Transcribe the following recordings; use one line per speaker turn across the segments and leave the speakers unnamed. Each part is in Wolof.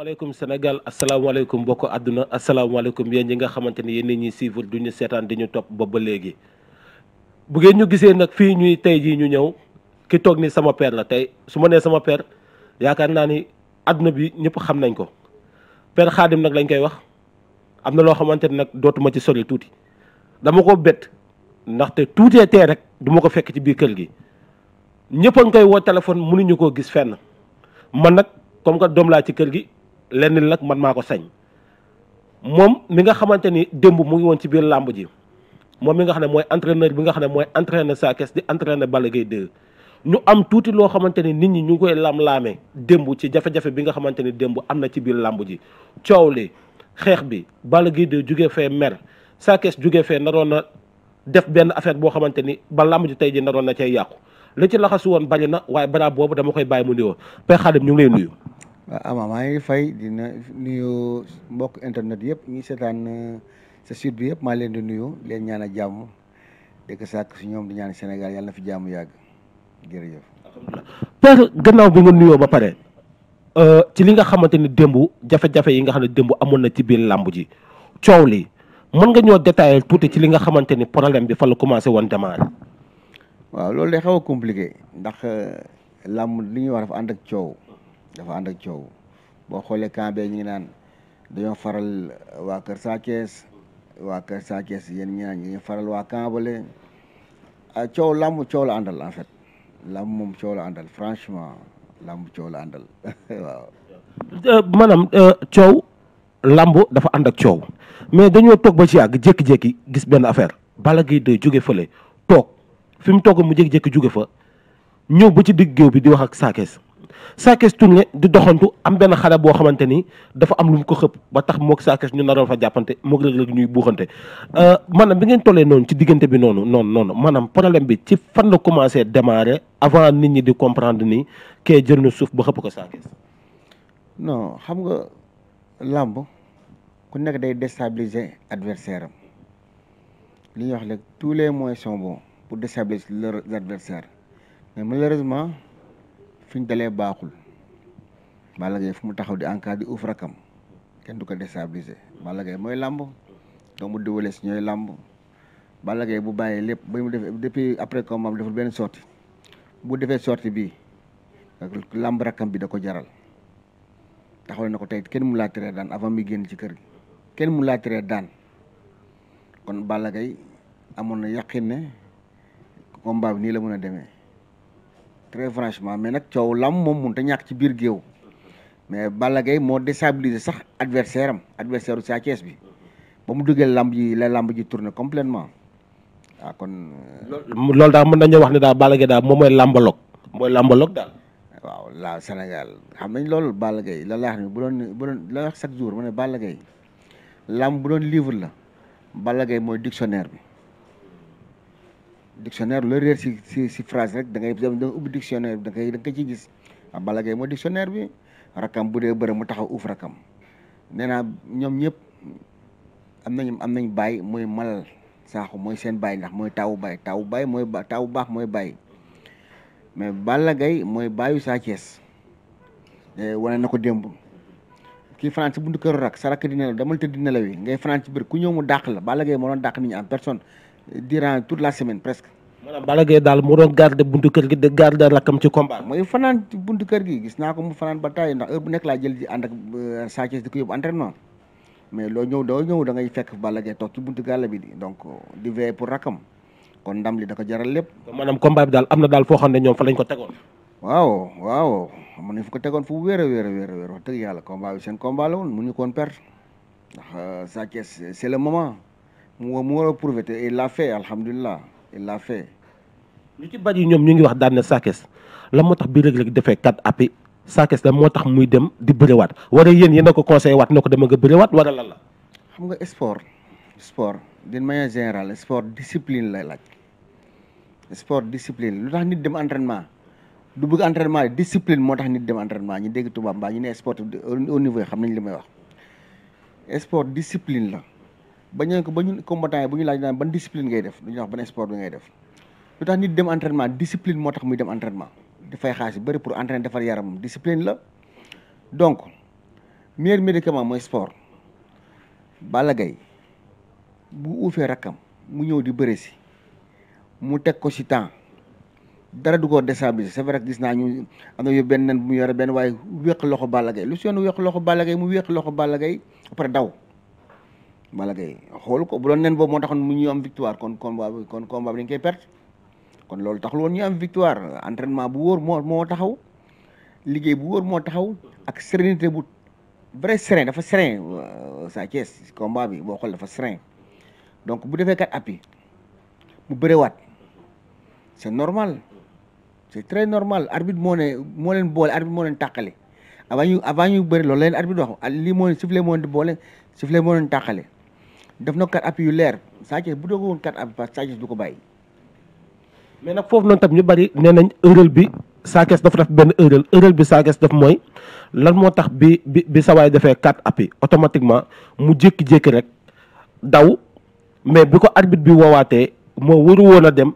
asalaamaaleykum Sénégal asalaamaaleykum mbokk àdduna asalaamaaleykum yéen ñi nga xamante ni yéen ñi suivre du ñu seetaan di ñu topp ba ba léegi. bu ngeen ñu gisee nag fii ñuy tey jii ñu ñëw ki toog ni sama père la tey su ma nee sama per yaakaar naa ni àdduna bi ñëpp xam nañ ko per Khadim nag lañ koy wax am na loo xamante ni nag dootuma ci sore tuuti dama ko bett ndaxte tuutee tee rek du ma ko fekk ci biir kër gi ñëpp a koy woo téléphone mënuñu koo gis fenn man nag comme que doom laa ci kër gi lenn li nag man maa ko sañ moom mi nga xamante ni démb mu ngi woon ci biir làmb ji moom mi nga xam ne mooy entraîneur bi nga xam ne mooy entraîneur Sa Thiès di entraîneur Balla Gaye 2 ñu am tuuti loo xamante ni nit ñi ñu ngi koy lam-laamee démb ci jafe-jafe bi nga xamante ni démb am na ci biir làmb ji coow li xeex bi Balla Gaye 2 jugee fee mer Sa Thiès jugee fee naroon na def benn affaire boo xamante ni ba làmb ji tey ji naroon na cay yàqu li ci laxasu woon bari na waaye balaa boobu dama koy bàyyi mu nuyoo Père Khadim ñu nuyu
Ah, waaw ama maa ngi fay dina nuyu mbokk internet yëpp ñi seetaan eh, sa sud bi yëpp maa leen di nuyu leen ñaan a jàmm dëkk sàkk si ñoom di ñaan Sénégal yàlla na fi jàmm yàgg jërëjëf.
alhamdulilah gannaaw bi nga nuyoo ba pare eh, ci li nga xamante ni démb jafe-jafe yi nga xam ne démb amoon na ci biir làmb ji coow li mën nga ñoo détaillé tuuti ci li nga xamante ni problème bi fa la commencé woon démarré.
waaw loolu day xaw a compliqué ndax eh, làmb li ñuy wax dafa ànd ak coow. dafa ànd ak coow boo xoolee camp bee ñu ngi naan dañoo faral waa Kër Sa Thiès waa Kër yéen ñi ngi faral waa camp bale ah coow lamb coow la àndal en fait làmb moom coow la àndal franchement lamb coow la àndal waaw.
Euh, maanaam euh, coow lamb dafa ànd ak coow mais dañoo toog ba ci yàgg jékki-jékki gis benn affaire bala Gaye de jóge fële toog fi mu toog mu jékki-jékki jóge fa ñëw ba ci digg géew bi di wax ak Sa Sakess tourné di doxantu am benn xale boo xamante ni dafa am lu mu ko xëpp ba tax moog Sakess ñu naroon fa jàppante moog Reug Reug ñuy buuxante euh, maanaam bi ngeen tollee noonu ci diggante bi noonu noonu noonu maanaam problème bi ci fan la commencé démarrer avant nit ñi di comprendre nii kee jël na suuf ba xëpp ko Sakess.
non xam nga làmb ku nekk day déstabiliser adversaire am li ñuy wax léegi tous les moyens sont bons pour déstabiliser l'adversaire mais malheureusement. fi ñu dalee baaxul Balla Gaye fu mu taxaw di encadré di uuf rakam kenn du ko déstabiliser Balla Gaye mooy làmb doomu Double Less ñooy làmb Balla Gaye bu bàyyee lépp ba mu def depuis après combat deful benn sortie bu defee sorti bi làmb rakam bi da ko jaral taxaw na ko tey kenn mu laa teree daan avant mi génn ci kër gi kenn mu laa teree daan kon Balla Gaye amoon na yaqin ne combat nii la mën a demee très franchement mais nag coow lam moom mënut a ñàkk ci biir géew mais Balla moo déstabilisé sax adversaire am adversaire u Sa bi ba mu duggee lamb ji la lamb ji tourné complètement waaw ah, kon. Euh, loolu daal
mën nañoo wax ne daal Balla daal moom mooy lambaloog mooy lambaloog
daal. waaw la Sénégal xam nañ loolu Balla la laax ni bu doon bu la wax chaque mu ne Balla lamb bu doon livre la Balla mooy dictionnaire bi. dictionnaire loo réer si si si phrase rek da ngay da nga ubbi dictionnaire bi da ngay da ciy gis ah Balla Gaye mooy dictionnaire bi rakam bu dee bëri mu taxaw rakam nee naa ñoom ñëpp am nañu am nañ baay mooy malal saako mooy seen baay ndax mooy taawu baay taawu baay mooy ba taawu baax mooy baay mais Balla mooy baayu Sa Thiès eh, wane na ko démb kii France buntu këru rak sa rakk di nelaw damal tëdd nelaw yi ngay France ci biir ku ñëw mu dàq la Balla Gaye moo doon dàq nit ñi en personne durant toute la semaine presque.
maanaam Balla Gaye daal mu doon garder buntu kër gi de garder rakkam ci
mooy fanaan ci buntu kër gi naa ko mu fanaan ba taay ndax heure bu nekk laa jël ji ànd euh, di ko yóbbu entraînement mais loo ñëw doo ñëw da ngay fekk Balla Gaye toog ci buntu gàll bi donc di veiller pour rakkam kon ndam li da jaral lépp.
maanaam combat bi daal am na daal foo xam ne ñoom fa lañ ko tegoon.
waaw waaw am nañ ko tegoon fu wéer a wéer a yàlla combat bi seen combat la woon mënuñu ko woon perdre euh, le moment. moo moo la prouvé te il l'a fait alhamdulilah il l'a fait.
lu ci bari ñoom ñu ngi wax daan na Sakess la moo tax bi Reug Reug defee kat appi Sakess la moo tax muy dem di bëriwaat wala yéen yéen a ko conseil waat na ko dem a bëriwaat wala lan la. xam nga
sport sport d'une manière générale sport discipline la laaj sport discipline lu tax nit dem entraînement du bëgg entraînement discipline moo tax nit dem entraînement ñu dégg tubaab baa ñu ne sportif au niveau xam nañ li may wax sport discipline la. ba ñu ba ñun combattant yi bu ñu laaj naan ban discipline ngay def du ñu wax ban sport bi ngay def lu tax nit dem entraînement discipline moo tax muy dem entraînement dafay xaalis yu bëri pour entraîner defar yaram discipline la donc meilleur médicament mooy sport Balla Gaye bu uufee rakkam mu ñëw di bëre si mu teg ko si temps dara du ko déstabiliser c'est vrai que gis naa ñu am na yu benn nen mu yore benn waaye wéq loxo Balla Gaye lu si yoon wéq loxo Balla Gaye mu wéq loxo Balla Gaye après daw Balla Gaye xool ko bu doon nen boobu moo taxoon mu ñu am victoire kon combat bi kon combat bi dañ koy kon loolu taxul woon ñu am victoire entraînement bu wóor moo moo taxaw liggéey bu wóor moo taxaw ak sérénité bu vrai serein dafa serein euh, Sa Thiès combat bi boo xool fa serein donc bu defee kat appui mu bërewaat c'est normal c'est très normal arbitre moo ne moo leen boole arbitre moo leen tàqale avant ñu avant ñu bëri loolu leen arbitre wax lii moo leen moo di boole sifflé moo leen def na quatre appuis yu leer Sa Thiès bu doog woon quatre appuis Sa Thiès du ko bàyyi.
mais nag foofu noonu tam ñu bari nee nañ erreur bi Sa Thiès dafa def benn erreur erreur bi Sa Thiès def mooy lan moo tax bi bi bi sa waay defee quatre appuis automatiquement mu jékki-jékki rek daw mais bi ko arbitre bi woowaatee moo waru woon a dem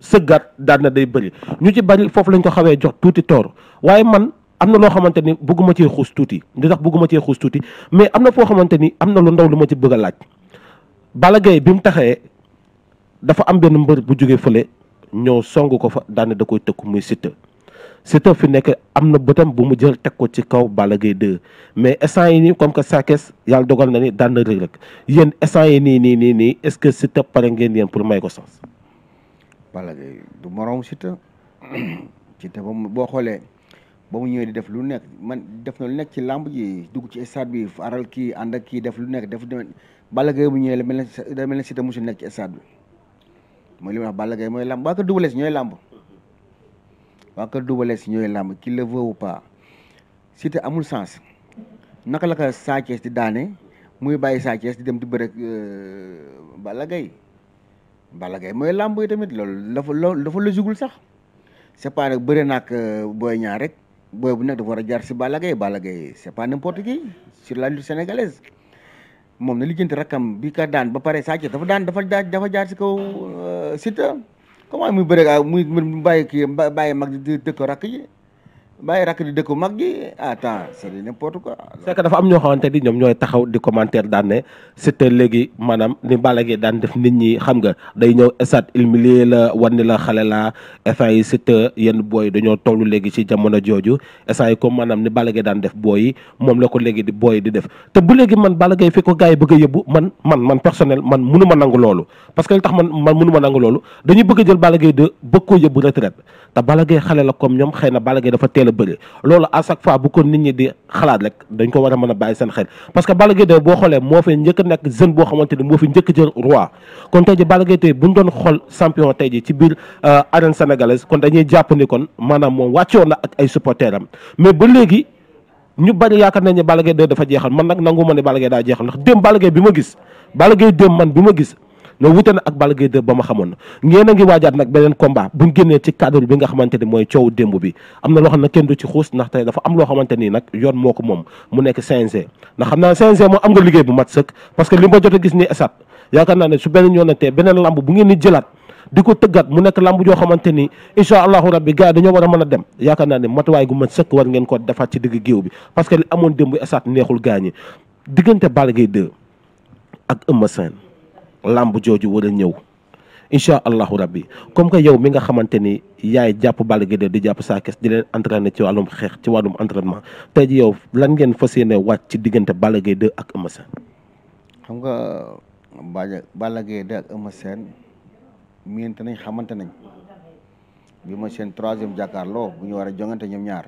sëggaat daan na day bëri ñu ci bari foofu lañ ko xawee jox tuuti toor waaye man. am na loo xamante ni bëgguma cee xuus tuuti li tax bëgguma cee xuus tuuti mais am na foo xamante ni am na lu ndaw lu ma ci bëgg a laaj Balla Gaye bi mu taxee dafa am benn mbër bu jógee fële ñëw song ko fa daane da koy tëkku muy Siteu Siteu fi nekk am na bëtam bu mu jël teg ko ci kaw Balla Gaye 2 mais instant yi nii comme que Sakes yàlla dogal na ni daan na Reug Reug yéen instant yi nii nii nii nii est-ce que Siteu pare ngeen yéen pour may ko sens.
Balla Gaye du moroom Siteu Siteu boo xoolee. ba mu ñëwee di def lu nekk man def na lu nekk ci làmb ji dug ci stade bi faral kii ànd ak kii def lu nekk def Balla Gaye bu ñëwee la mel ne da mel ne Siteu musul nekk ci stade bi mooy li ma wax Balla Gaye mooy làmb waa ko dubalee si ñooy làmb waa ko si ñooy làmb qui le veut amul sens naka la ko Sa daane muy bàyyi Sa Thiès di bëre euh, Balla Gaye Balla mooy làmb yi tamit loolu dafa loolu dafa sax c'est pas rek bëre naak euh, booy ñaar rek booy bu nekk dafa war a jaar si Balla Gaye Balla Gaye c'est pas n'importe qui sur moom na lijjanti rakkam bi ka daan ba pare Sa dafa daan dafa dafa jaar si kaw euh, Siteu comment muy bëre muy bàyyi kii bàyyi mag di dëkk rakk yi bàyyi rakk di dëkku mag gi attends c'est n'importe quoi.
dafa am ñoo xamante ni ñoom ñooy taxaw di commentaire daan ne Siteu léegi maanaam ni Balla Gaye daan def nit ñi xam nga day ñëw esat humilier la wan ni la xale la essai yi Siteu yenn booy dañoo toll léegi ci jamono jooju essai yi comme maanaam ni Balla Gaye daan def booy yi moom la ko léegi di booy di def te bu léegi man Balla Gaye fi ko gars yi bëgg a yóbbu man man man personnel man munu ma nangu loolu parce que li tax man man munu ma nangu loolu dañuy bëgg a jël Balla Gaye de bëgg koo yóbbu retraite te Balla Gaye xale la comme ñoom na Balla Gaye teel a bëri loolu à chaque bu ko nit ñi di xalaat rek dañ ko war a mën a bàyyi seen xel parce que Balla Gaye 2 boo xoolee moo fi njëkk nekk jeune boo xamante ni moo fi njëkk jël roi kon tey ji Balla Gaye 2 bu ñu doon xool champion tey ji ci biir euh, arène sénégalaise kon dañuy jàpp ni kon maanaam moom wàccoon na ak ay supporters mais ba léegi ñu bari yaakaar nañ ne Balla Gaye 2 dafa jeexal man nag nangu ma ne Balla Gaye daa jeexal ndax démb Balla Gaye bi ma gis Balla Gaye démb loolu wute na ak Balla Gaye 2 ba ma xamoon ngeen a ngi waajaat nag beneen combat buñ génnee ci cadre bi nga xamante ni mooy coow démb bi am na loo xam ne kenn du ci xuus ndax te dafa am loo xamante nii nag yoon moo ko moom mu nekk CNG ndax xam naa CNG moom am nga liggéey bu mat sëkk parce que li ma jot a gis ni esat yaakaar naa ne su beneen yoonatee beneen lamb bu ngeen ni jëlaat di ko tëggat mu nekk lamb joo xamante ni incha allahu rabbi gars yi dañoo a mën a dem yaakaar naa ne matuwaay gu mat sëkk war ngeen ko defaat ci digg géew bi parce que li amoon démb diggante Balla Gaye 2 ak làmb jooju war a ñëw incha allahu rabbi comme que yow mi nga xamante ni yaay jàpp Balla Gaye di jàpp Sa Thiès di leen entraîné ci wàllum xeex ci wàllum entraînement tey ji yow lan ngeen fas yéene wàcc ci diggante Balla Gaye ak Eumeu Sène
xam nga Balla Gaye 2 ak Eumeu Sène miinte nañ xamante nañ bi mooy seen troisième jàkkaarloo bu ñu war a jongante ñoom ñaar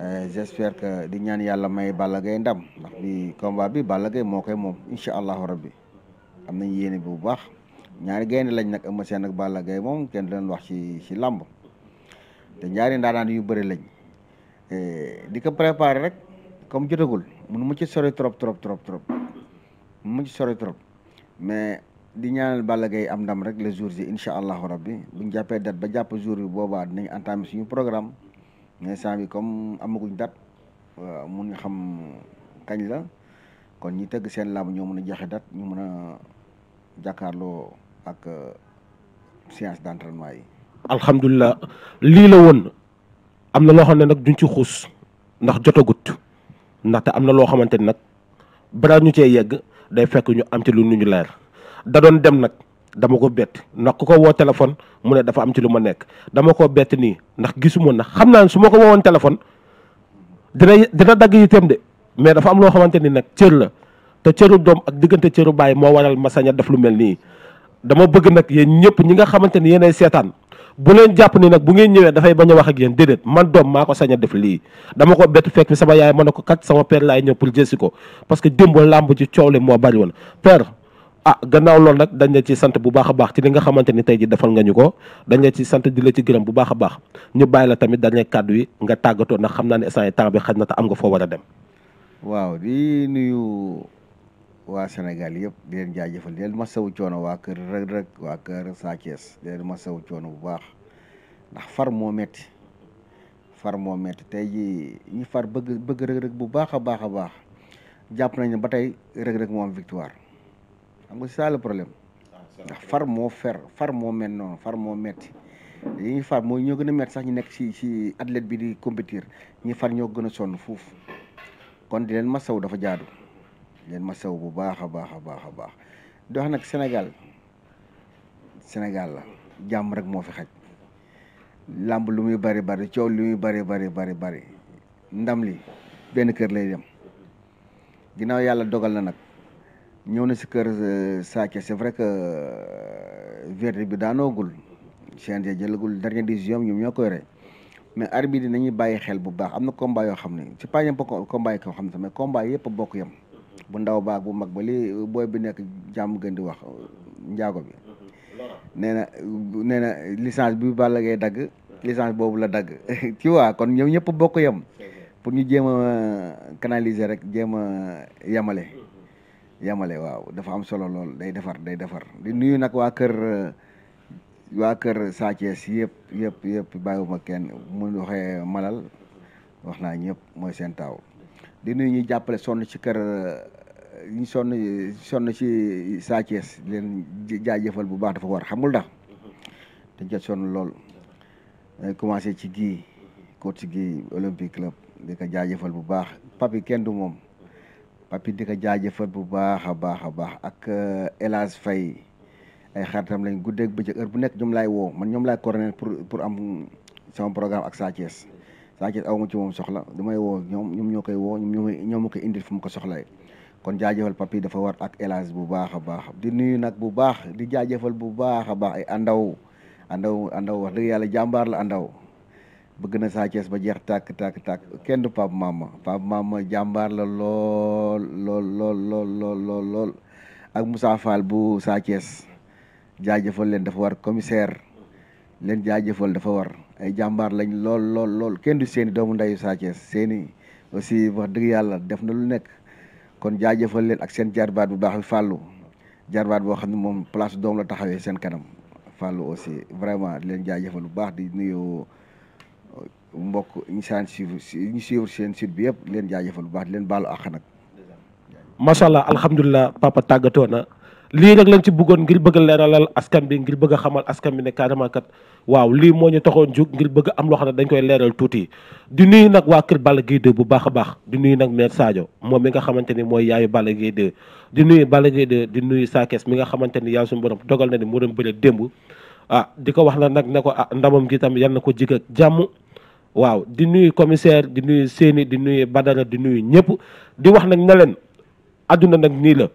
euh, j'espère que di ñaan yàlla may Balla Gaye ndam ndax bi bi Balla moo koy moom incha allahu rabbi am nañ yéene bi bu baax ñaari gaynde lañ nag Eumeu Sène ak Balla Gaye moom kenn du leen wax ci ci làmb te ñaari ndaanaan yu bëri lañ eh, di ko préparé rek comme jotagul mun mu ci sori trop trop trop trop mu ci trop mais di ñaanal Balla Gaye am ndam rek le jour si incha allahu rabbi buñ jàppee date ba jàpp jour bi boobaa dinañ entamé suñu programme mais saa bi comme amaguñ date waaw mun nga xam kañ la kon ñi tëgg seen làmb ñoo mën a joxe date ñu mën a jàkkaarloo ak euh, séance d'entraînement
yi. alhamdulilah lii la woon am na loo xam ne nag duñ ci xuus ndax jotagut ndaxte am na loo xamante ni nag balaa ñu cee yegg day fekk ñu am ci lu nu ñu leer da doon dem nag dama ko bett ndax ku ko woo téléphone mu ne dafa am ci lu ma nekk dama ko bett nii ndax gisuma na xam naa ne su ma ko woowoon téléphone dina dina dagg yi itam de. mais dafa am loo xamante ni nag cër la te cëru doom ak diggante cëru baay moo waral ma saña def lu mel nii dama bëgg nag yéen ñëpp ñi nga xamante ni yéenay seetaan bu leen jàpp ni nag bu ngeen ñëwee dafay bañ a wax ak yéen déedéet man doom maa ko sañ a def lii dama ko bett fekk fi sama yaay ma ne ko kat sama père laay ñëw pour jësi ko parce que démb làmb ci coow li moo bari woon père ah gannaaw loolu nag dañ la ci sant bu baax a baax ci li nga xamante ni tey ji defal nga ko dañ la ci sant di la ci gërëm bu baax a baax ñu bàyyi la tamit dañ kàddu yi nga tàggatoo xam naa ne instant yi bi xaj na am nga foo war a dem
waaw di nuyu waa Sénégal yëpp di leen jaajëfal di leen sew coono waa kër Reug Reug waa kër Sa Thiès di leen coono bu baax ndax far moo metti far moo metti tey jii ñi far bëgg bëgg Reug Reug bu baax a baax a baax jàpp nañ ne ba tey Reug Reug moo am xam nga c'est problème far moo fer moo mel noonu far moo metti ñi far moo ñoo gën a metti sax ñu nekk ci ci athlète bi di compétir ñi far ñoo gën a sonn fuuf kon di leen ma masaw dafa jaadu di ma masaw bu baax a baax a baax a baax di nag Sénégal Sénégal la jàmm rek moo fi xaj làmb lu muy bari bari coow lu muy bari bari bari bari ndam li benn kër lay dem ginnaaw yàlla dogal na nag ñëw na si kër euh, Sa Thiès c'est vrai que euh, verdict bi daanoogul CNG jëlagul dernière décision ñoom ñoo koy yore mais arbitre yi nañu bàyyi xel bu baax am na combat yoo xam ne c'est pas n'importe ko yi ko xam ne mais combat yëpp bokk yam bu ndaw baa bu mag ba li booy bi nekk jàmm gën di wax njaago bi nee na nee na licence bi Balla Gaye dagg licence boobu la dagg tu kon ñoom ñëpp bokk yam pour ñu jéem a canaliser rek jéem a yamale yamale waaw dafa am solo lool day defar day defar di nuyu nag waa kër waa kër Sa Thiès yëpp yëpp yëpp bàyyiwuma kenn mu waxee Malal wax naa ñëpp mooy seen taaw di nuyu ñuy jàppale sonn ci kër euh, ñu sonn sonn ci Sa Thiès leen jaajëfal bu baax dafa war xamul ndax dañ ca sonn lool commencé ci gii coach gi Olympique Club di ko jaajëfal bu baax papi kenn du moom papi di ko jaajëfal bu baax a baax a baax ak euh, El Hadj Faye ay xaritam lañ guddeeg bëccëg heure bu nekk ñoom laay woo man ñoom laay coordonné pour pour am sama programme ak Sa Thiès Sa aw ma ci moom soxla du may woo ñoom ñoom ñoo koy woo ñoom ñoo ma koy indil fu mu ko soxlay kon jaajëfal papi dafa war ak élage bu baax a baax di nuyu nag bu baax di jaajëfal bu baax a baax ay àndaw àndaw àndaw wax dëgg yàlla jàmbaar la àndaw bëgg na Sa ba jeex tàkk tàkk tàkk kenn du Pape Mama Pape Mama jàmbaar la lool lool lool lool lool lool ak Moussa bu Sa jaajëfal leen dafa war commissaire leen jaajëfal dafa war ay jàmbaar lañ lool lool lool kenn du seeni doomu ndeyu Sa Thiès seeni aussi wax dëgg yàlla def na lu nekk kon jaajëfal leen ak seen jarbaat bu baax bi fàllu jarbaat boo xam ne moom place doom la taxawee seen kanam fàllu aussi vraiment di leen jaajëfal bu baax di nuyu uh, mbokk ñi saan suivre ñu suivre seen
site bi yëpp leen jaajëfal bu baax di leen baalu àq nag macha allah papa tàggatoo na lii rek lañ ci bëggoon ngir bëgg a leeralal askan bi ngir bëgg a xamal askan bi ne carrément kat waaw lii moo ñu taxoon jóg ngir bëgg am loo xam ne dañ koy leeral tuuti di nuyu nag waa kër bala Gaye 2 bu baax a baax di nuyu nag mère Sadio moom mi nga xamante ni mooy yaayu Balla Gaye di nuyu Balla Gaye di nuyu Sakes mi nga xamante ni yaa suñu borom dogal na ni moo doon bëre démb ah di ko wax la nag ne ko ah gi tam yal na ko jig ak jàmm waaw di nuyu commissaire di nuyu Séni di nuyu Badara di nuyu ñëpp di wax nag ne leen nag nii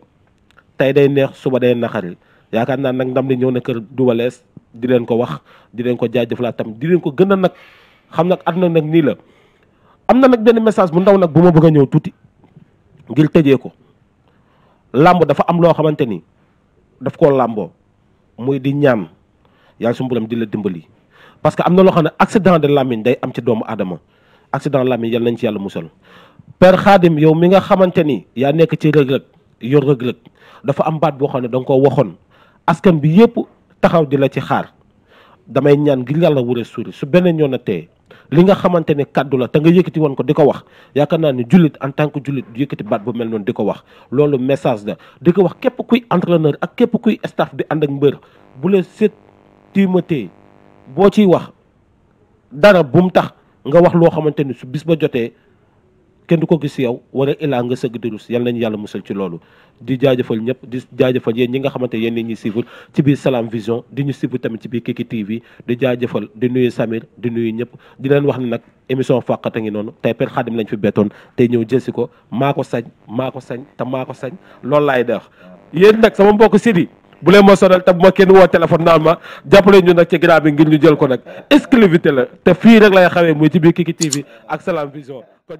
tey day neex suba day naqari yaakaar naa nag ndam li ñëw na kër Double Less di leen ko wax di leen ko jaajëfalaat tamit di leen ko gën a nag xam nag àdduna nag nii la am na nag benn message bu ndaw nag bu ma bëgg a ñëw tuuti ngir tëjee ko làmb dafa am loo xamante ni def koo làmboo muy di ñaan yàlla suñu borom di la dimbali parce que am na loo xam ne accident de làmmiñ day am ci doomu aadama accident làmmiñ yal nañ ci yàlla musal Père Khadim yow mi nga xamante ni yaa nekk ci yor rëg-rëg dafa am baat boo xam ne da nga ko waxoon askan bi yëpp taxaw di la ci xaar damay ñaan ngir yàlla wure suuri su beneen yoon a tee li nga xamante ne kàddu la te nga yëkkati woon ko di ko wax yaakaar naa ni jullit en tant que jullit yëkkati baat bu mel noonu di ko wax loolu message la di ko wax képp kuy entraîneur ak képp kuy staff bi ànd ak mbër bu la set tiimatee boo ciy wax dara bu tax nga wax loo xamante ni su bis ba jotee kenn du ko gis yow wala ilaa nga sëgg di rus yal nañu yàlla musal ci loolu di jaajëfal ñëpp di jaajëfal yéen ñi nga xamante yéen ñuy suivre ci biir Salam Vision di ñu suivre tamit ci biir Kiki TV di jaajëfal di nuyu Samir di nuyu ñëpp di leen wax ne nag émission fàqata ngi noonu tey Père Khadim lañ fi bettoon tey ñëw jëlsi ko maa ko sañ maa ko sañ te maa ko sañ loolu laay def yéen nag sama mbokk Sidi bu leen ma sonal te bu kenn woo téléphone naan ma jàppale ko nag